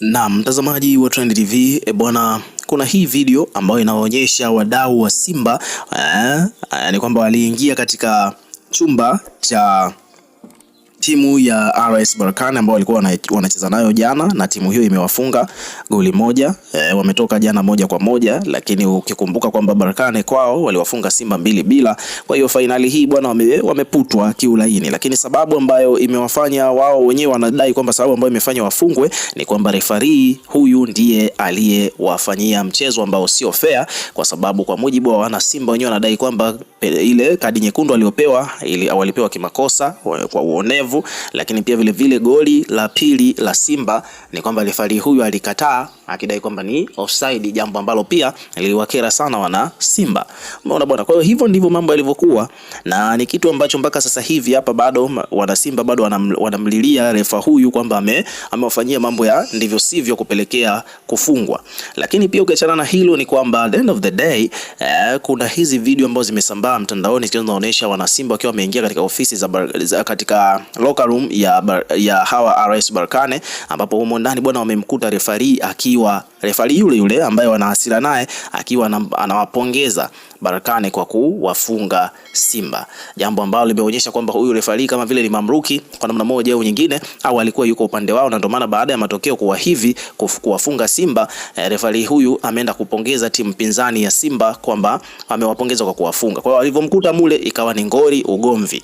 Na mtazamaji wa Trend TV e, eh, bwana kuna hii video ambayo inaonyesha wadau wa Simba eh, eh ni kwamba waliingia katika chumba cha timu ya RS Berkane ambao walikuwa wanacheza nayo jana, na timu hiyo imewafunga goli moja e, wametoka jana moja kwa moja, lakini ukikumbuka kwamba Berkane kwao waliwafunga Simba mbili bila. Kwa hiyo fainali hii bwana, wame, wameputwa kiulaini, lakini sababu ambayo imewafanya wao wenyewe wanadai kwamba sababu ambayo imefanya wafungwe ni kwamba refari huyu ndiye aliyewafanyia mchezo ambao sio fair, kwa sababu kwa mujibu wa wana Simba wenyewe wanadai kwamba e, ile kadi nyekundu aliyopewa walipewa kimakosa kwa uonevu lakini pia vile vile goli la pili la Simba ni kwamba refari huyu alikataa akidai kwamba ni offside, jambo ambalo pia liliwakera sana wana Simba. Umeona bwana, kwa hiyo hivyo ndivyo mambo yalivyokuwa, na ni kitu ambacho mpaka sasa hivi hapa bado wana Simba bado wanam, wanamlilia refa huyu kwamba ame amewafanyia mambo ya ndivyo sivyo kupelekea kufungwa. Lakini pia ukiachana na hilo, ni kwamba at the end of the day eh, kuna hizi video ambazo zimesambaa mtandaoni zinazoonyesha wana Simba wakiwa wameingia katika ofisi za, za katika locker room ya, bar, ya hawa RS Barkane ambapo humo ndani bwana wamemkuta refari akiwa refari yule yule ambaye wana naye akiwa anawapongeza Barkane kwa kuwafunga Simba, jambo ambalo limeonyesha kwamba huyu refari kama vile ni mamruki kwa namna moja au nyingine, au alikuwa yuko upande wao, na ndio maana baada ya matokeo kuwa hivi kuwafunga Simba eh, refari huyu ameenda kupongeza timu pinzani ya Simba kwamba amewapongeza kwa kuwafunga. Kwa hiyo alivyomkuta mule ikawa ni ngori, ugomvi.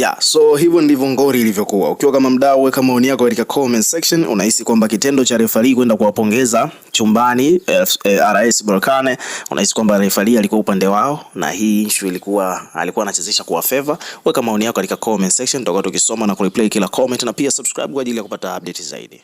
Yeah, so hivyo ndivyo ngori ilivyokuwa. Ukiwa kama mdau, weka maoni yako katika comment section. Unahisi kwamba kitendo cha refari kwenda kuwapongeza chumbani eh, eh, RS Berkane, unahisi kwamba refari alikuwa upande wao na hii issue ilikuwa alikuwa anachezesha kwa favor? Weka maoni yako katika comment section, tutakuwa tukisoma na kureply kila comment, na pia subscribe kwa ajili ya kupata update zaidi.